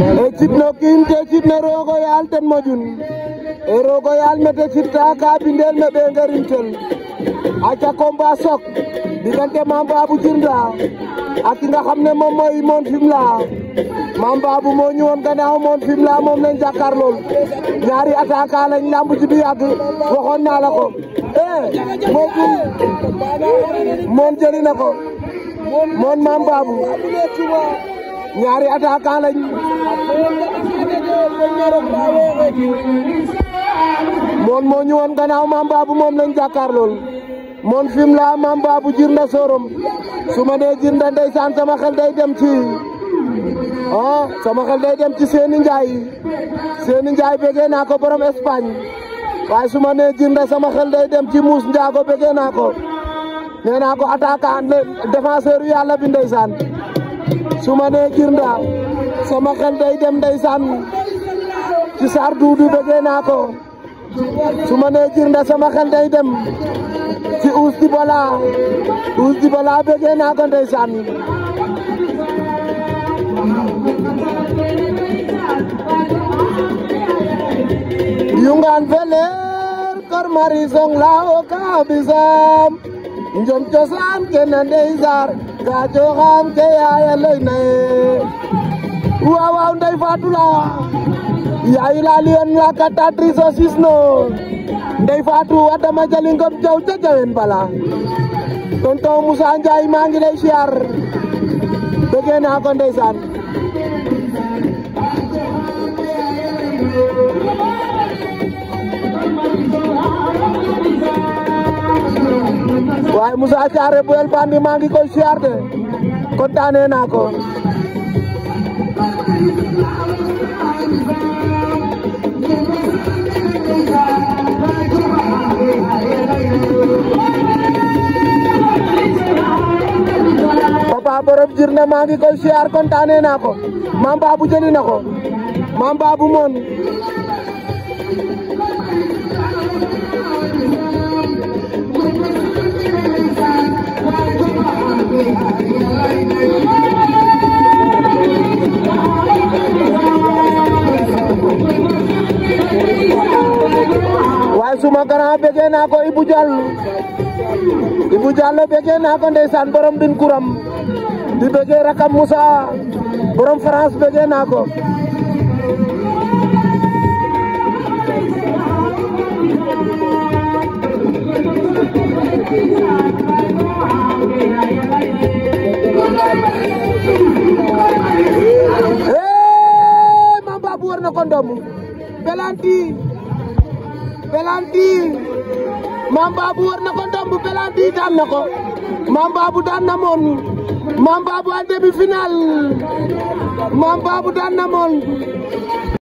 e citno kiin te citno roogo yaal ten moƴun e roogo yaal mete citta ka bindel me ɓe ngarincol aca combat sok digante mam babou jirnda a ki nga xam ne moom mooy moon Fimela mam babou moo ñëwoon gannaaw moon Fimela moom lañ jàkkaar ñaari attaquant lañ lamb yàgg waxoon naa la ko eh moom jëli na ko moon mam babou ñaari attaquant lañ moon moo ñu woon gannaaw Mame Babou moom lañ jàkkaar lool moon fim la Mame Babou jirnda sorom su ma nee jirnda ndeysaan sama xel day dem ci ah sama xel day dem ci Seni Ndiaye Seni Ndiaye bëggee naa ko borom Espagne waaye su ma nee jirnda sama xel day dem ci Mouss Ndiago bëggee naa ko nee naa ko attaquant défenseur yu yàlla bi ndeysaan suma ne nee sama xel day dem ndeysaan ci saar duudu bëggee naa ko su ma sama xel day dem ci uus di bala uus di bala bëggee naa ko ndeysaan yungaan feleer kor mari song la o ka bisam njom jaajoxam ke yaaya ley naye waaw waaw ndey faatu la yaayu la lion la cantatrice o sisno ndey faatu a dama jaw ca jawen bala tonton Moussa Ndiaye maa ngi lay siyaar bëggee naa ko ndeysaan waaye Moussa Thiaré Boyel Bandi maa ngi koy siyaar de kontaanee naa ko papa borom jirne maa ngi koy siyaar kontaanee naa ko maam baabu jëli na ko maam baabu moon waaye su ma grand bëggee naa ko Ibou Diallo Ibou Diallo bëggee naa ko ndeysaan borom bin kuram di bëggee rakam Moussa borom France bëggee naa ko Hey, Mamba buar na kondomu. Belanti. Belanti Mame Babou war na ko ndomb Belanti daan na ko Mame Babou daan na moon Mame Babou en demi-finale Mame Babou daan na moon